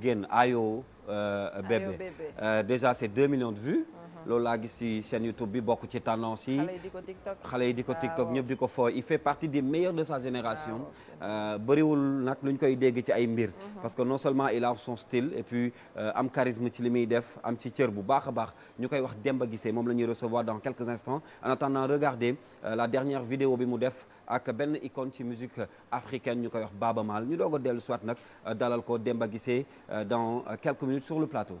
génn Ayo euh, bébé euh, déjà c'est deux millions de vues uh-huh. loolu laa gis ci chaîne YouTube bi bokk ci tendance yi xale yi di ko TikTok ah, ñëpp di ko fooy il fait partie des meilleurs de sa génération ah, Euh, bariwul nag lu ñu koy dégg ci ay mbir. parce que non seulement il a son style et euh, am charisme ci li muy def am ci cër bu baax a baax ñu koy wax Demba Guissé moom la ñuy recevoir dans quelques instants en attendant regardez euh, la dernière vidéo bi mu def. ak benn icône ci musique africaine ñu koy wax Baaba Maal ñu doog a dellu soit nag dalal ko Demba Guissé dans quelques minutes sur le plateau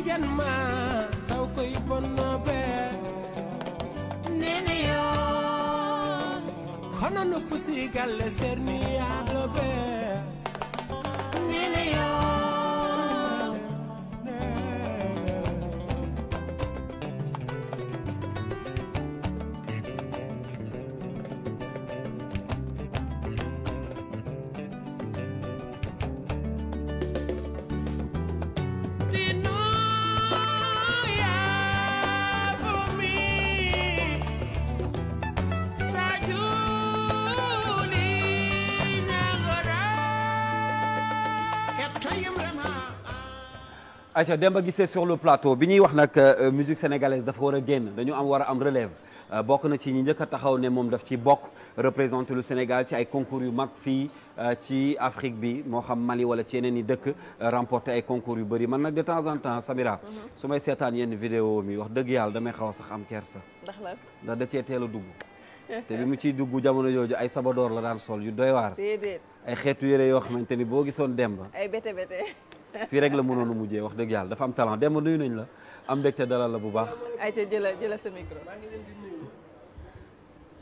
bijan ma taw koy bonno be nene yo kono no fusi galle serni adobe aca Demba Guissé sur le plateau bi ñuy wax nag euh, euh, musique sénégalaise dafa war a génn dañu am war a am relève euh, bokk na ci ñi njëkk a taxaw ne moom daf ci bokk représenter lu Sénégal ci ay concours yu mag fii ci Afrique bi moo xam Mali wala ci yeneen yi dëkk remporter ay concours yu bëri man nag de temps en temps Samira mhm. su may seetaan yenn vidéo mi wax dëgg yàlla damay xaw a sax am kersa ndax da cee teel a dugg te bi mu ciy dugg jamono jooju ay sabadoor la daan sol yu doy waar ay xeetu yére yoo xamante ni boo gisoon Demba fii rek la mënoonu mujjee wax dëgg yàlla dafa am talent dem nuyu nañ la am mbégte dalal la bu baax. ayca jëla jëla sa micro.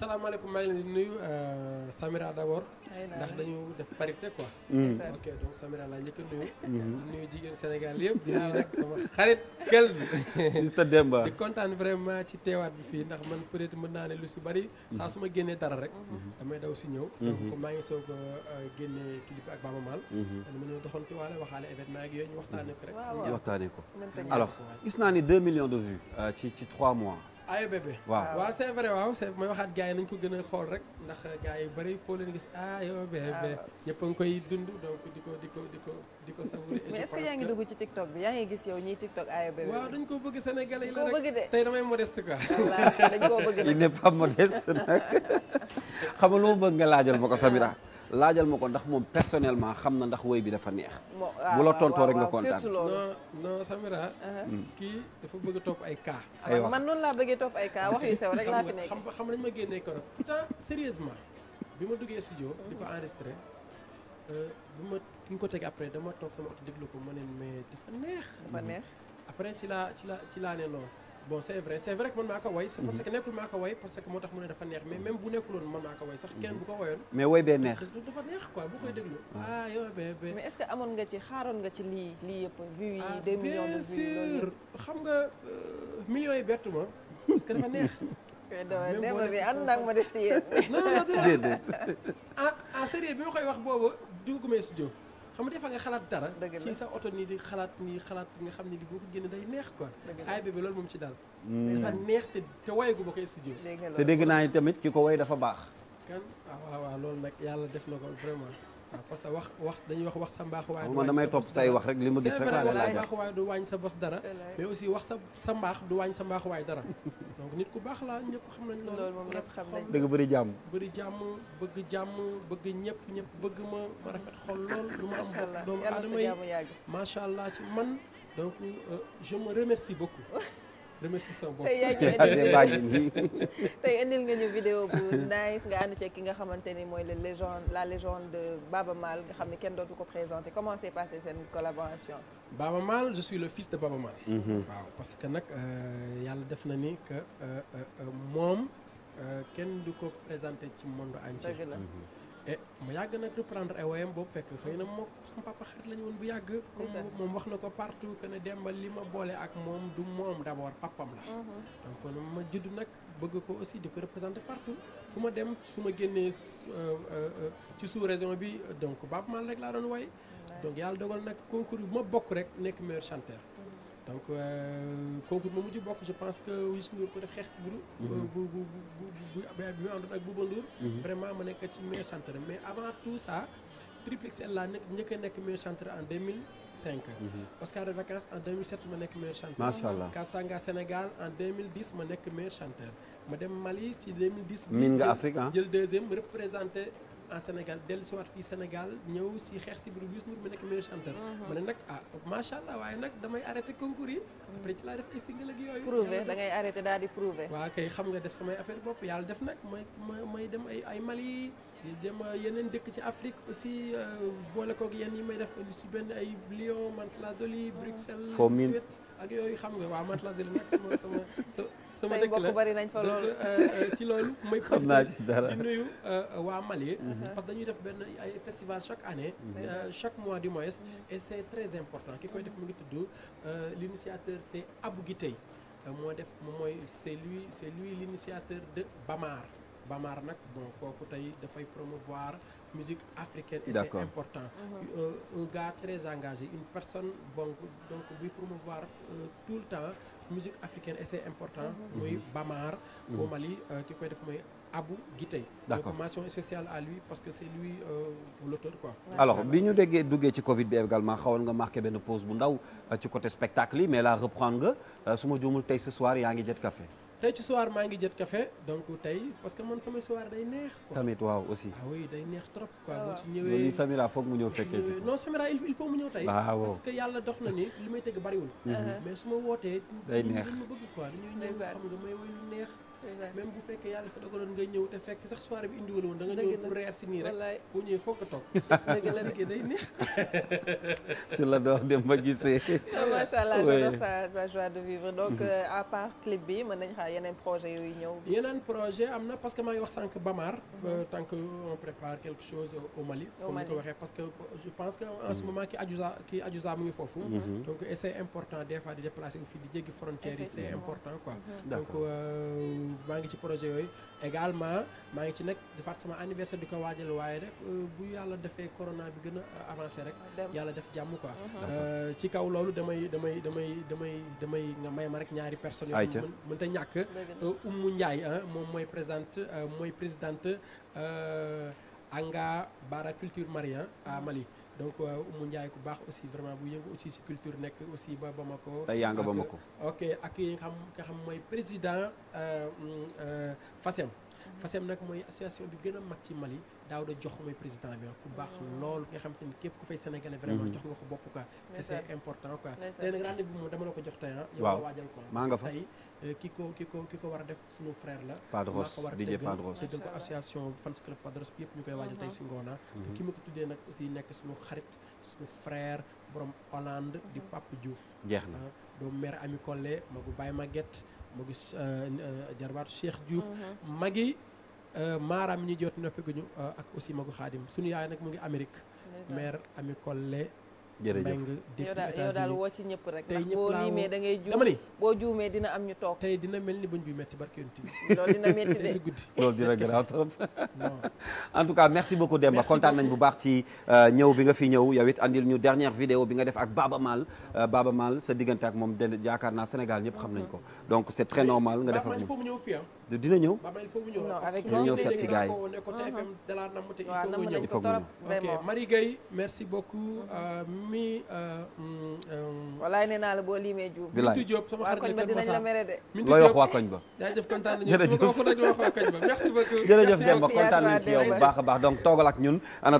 salaamaaleykum maa ngi leen di nuyu euh, Samira d'abord. ndax dañu def parité quoi. Mm. ok Samira laa njëkk a nuyu. Mm-hmm. jigéen Sénégal yëpp di nuyu nag xarit Kels. Mr Demba di kontaan ci teewaat bi fii ndax man peut être mën naa ne lu si bari. Mm-hmm. saa su ma génnee dara rek. Mm-hmm. damay daw si ñëw. donc maa ngi soog a euh, génnee clip ak Baba Maal. dama ñëw doxantu waale waxaale événement ak yooyu ñu waxtaanee ko rek. waxtaanee ko alors gis naa ni 2 millions de vues euh, ci ci 3 mois. AEBB waaw waaw c'est vrai waaw c'est may waxaat gaa yi nañ ko gën a xool rek ndax gars yu bëri foo leen gis AEBB oh, ñëpp a koy dund donc di ko di ko di ko di ko savourer yaa ngi dugg ci TikTok bi yaa ngi gis yow ñii TikTok AEBB waaw dañ ko bëgg Sénégalais yi la rek tey damay modeste quoi dañ koo bëgg il n'est pas modeste nag xam nga lu ma bëgg nga laajal ma ko Samira laajal ma ko ndax moom personnellement xam na ndax woy bi dafa neex. moo mu ah, la tontoo rek nga kontaan non non Samira. Uh-huh. Hmm. kii dafa bëgg a topp ay cas. aywa ah, man noonu laa bëggee topp ay kaa wax yu sew rek laa fi nekk. xam xam nañ ma génnee keroog pourtant sérieusement bi ma duggee studio. di ko en enregistré euh, bi ma ki ñu ko teg après dama toog sama oto déglu ko ma ne mais dafa neex. dafa neex. après ci laa ci la laa ne non bon c' est vrai man maa ko woy parce que mhm. nekkul maa ko woy parce que moo tax mu ne dafa neex mais même bu nekkuloon man maa ko woy sax kenn bu ko woyoon mhm. mais woy bee neex ah, mais est ce amoon nga ci xaaroon nga ci lii lii yëpp vues yi ah, de vues bien sûr xam nga euh, millions yi bett ma parce que dafa neex démb bi ànd naa ma des ci yéen non non bi ma koy wax boobu duguma studio xam nga defaa nga xalaat dara ci sa oto nii di xalaat nii xalaat nga xam ne di boo ko génn day neex quoi ay bébé loolu moom ci dal hmm. dafa neex te te waye gu ma koy studio te dégg naa ni tamit ki ko way dafa baax kan ah, waaw waaw loolu nag yàlla def na ko vraiment waaw ah, parce que wax wax dañuy wax wax sa mbaax waaye man damay topp say wax rek ma gis rek laa du wàññi sa bos dara mais aussi wax sa sa mbaax du waañ sa mbaax waaye dara donc nit ku baax laa ñëpp xam nañ loolu moom ñëpp xam nañ dëgg bëri jàmm bëri jàmm bëgg jàmm bëgg ñëpp ñëpp bëgg ma ma rafet xol lool lu ma am bokk doomu aadama yi macha allah ci man donc euh, je me remercie beaucoup remercie sama bopp tey yaa ngi nga ñu vidéo bu nice nga ànd ceeg ki nga xamante ni mooy la légende la légende de Baba Maal nga xam ne kenn dootu ko présenté comment s'est passée seen collaboration. Baba Maal je suis le fils de Baba Maal. Mhm. waaw parce que nag euh, yàlla def na ni que euh, euh, moom kenn du ko présenté ci monde entier. e eh, mu yàgg nag reprendre ay woyam boobu fekk xëy na moo sama papa xarit la woon bu yàgg moom wax na ko partout que ne Demba li ma boole ak moom du moom d'abord papam la mhm. donc kon ma judd nag bëgg ko aussi di ko représenter partout fu ma dem su ma génnee euh, euh, euh, ci sous-région bi donc baab Maal rek laa doon woy donc yàlla dogal nag concours bi ma bokk rek nekk meilleur chanteur donc concours ma mujj bokk je pense que Youssou Ndour peut être xeex bu bu bu bu bu bi ma àndoon ak Bouba Ndour vraiment ma nekk ci meilleur chanteur mais avant tout ça Triplex L la nekk njëkk a nekk meilleur chanteur en 2005 Oscar de vacances en 2007 ma nekk meilleur chanteur macha allah Kasanga Sénégal en ma nekk meilleur chanteur ma dem Mali ci 2010 min nga Afrique jël deuxième représenté en Sénégal dellu si waat fii Sénégal ñëw si xeex si biir Youssou Ndour mi nekk meilleur chanteur. Mhm. ma ne nag ah macha allah waaye nag damay arrêté concours yi. après ci laa def ay single ak daal di prouvé. waaw kay xam nga def samay affaire bopp yàlla def nag may may dem ay ay Mali. di dem yeneen dëkk ci Afrique aussi euh, boole koog yenn yi may def ci benn ay Lyon Mantes la Jolie Bruxelles. Suède ak yooyu xam nga waaw Mantes la Jolie nag sama sama. sama dëkk la bari nañ fa loolu euh, euh, ci loolu mooy xam naa ci dara di nuyu euh, waa Mali mhm. Mhm. parce que dañuy def benn ay festival chaque année mhm. chaque mois du mois et c'est très important ki koy def mu ngi tudd l'initiateur c'est Abou Guitey moo def moom mooy c'est lui c'est lui l'initiateur de Bamar Bamar nag bon kooku tey dafay promouvoir musique africaine et c'est important mhm. euh, un gars très engagé une personne bon donc buy promouvoir euh, tout le temps musique africaine et important mhm. muy mhm. Bamar au Mali euh, ki koy def mooy Abou Guité d'accord donc mention spéciale à lui que c'est lui l'auteur quoi bi ñu déggee duggee ci Covid bi également xawoon nga marqué benn pose bu ndaw ci côté spectacle yi mais là reprendre nga su ma juumul tey ce soir yaa ngi jet café tey ci soir maa ngi jët café donc tey parce que man sama soir day neex. tamit waaw aussi. ah day neex trop quoi boo ci ñëwee. loolu Samira foog mu ñëw fekkee si. Euh, non Samira il faut mu ñëw tey. parce que yàlla dox na ni li may tëgg bariwul. Mhm. Uh-huh. mais su ma wootee. day neex li ma bëgg quoi dañuy neex. même bu fekkee yàlla fa dogaloon nga ñëw te fekk sax soirée bi indiwul woon da ñëw pour reer si nii rek ah, sa sa joie de mm-hmm. euh, à part clip bi mën nañ yeneen projet yooyu ñëw yeneen projet am na que maa wax sànq Bamar mm-hmm. euh, tant que on prépare quelque chose au Mali que je pense que en ce mm-hmm. moment ki mu ngi foofu donc et important des fois de déplacer u fii di jéggi frontières yi c'est important quoi maa ngi ci projet yooyu également maa ngi ci nag defaat sama anniversaire di ko waajal waaye rek euh, bu yàlla defee corona bi gën a euh, avancé rek yàlla def jàmm ko uh-huh. euh, ci kaw loolu damay damay damay damay damay nga may ma rek ñaari personnes yo mën ta ñàkk Umu Ndiaye moom mooy présidente mooy présidente Anga Bara Culture Marien à Mali donc euh, mu Ndiaye ku baax aussi vraiment bu yëngu aussi si culture nekk aussi ba Bamako. tey yaa nga ko ok ak yi xam nga xam mooy président euh, euh, FASEM. FASEM nag mooy association bi gën a mag ci Mali daaw da jox mooy président bi ku baax lool nga xam te ni képp ku fay sénégalais vraiment mhm. jox nga ko bopp quoi te c'est important ko jox tey ah yow ko maa nga fa tey euh, ki ko ki ko ki ko war a def suñu frère la Padros war a tëggal tëggal ko association fans club Padros bi yëpp ñu koy waajal tey si mhm. ngoona ah. mhm. ki ma ko tuddee nag aussi nekk suñu xarit suñu frère borom Hollande di Pape Diouf jeex na ah, doomu mère Ami Collé magu baay Maguette mu gis euh, euh, jarbaatu Cheikh Diouf mm-hmm. magi euh, maaraam ñi jot noppeekuñu ak aussi magu xaadim suñu yaay nag mu ngi Amérique mère Ami Collé jërëjëf yow daal yow daal woo ci rek ndax boo liimee da ngay ni boo juumee dina am ñu toog tey dina mel ni bañ metti de si dina garaaw trop en tout cas merci beaucoup Demba kontaan nañ bu baax ci euh, ñëw bi nga fi ñëw yow it andil ñu dernière vidéo bi nga def ak Baba Maal euh, Baba Maal sa diggante ak moom den yaakaar naa Sénégal ñëpp xam nañ ko donc c'est très normal nga def ak ñoom dina ñëw dina ñëw seet si gars yi ko uh-huh. trop vraiment Marie Gueye merci beaucoup uh-huh. euh, mi. Euh, euh, walaay nee naa la boo liimee juum. bilaay Mintu Diop sama xarit la dinañ la mere de. Mintu Diop looy wax waa koñ ba. jaajëf kontaan nañu su ma ko wax waa koñ ba merci beaucoup. ci yow baax a baax donc toogal ak ñun ana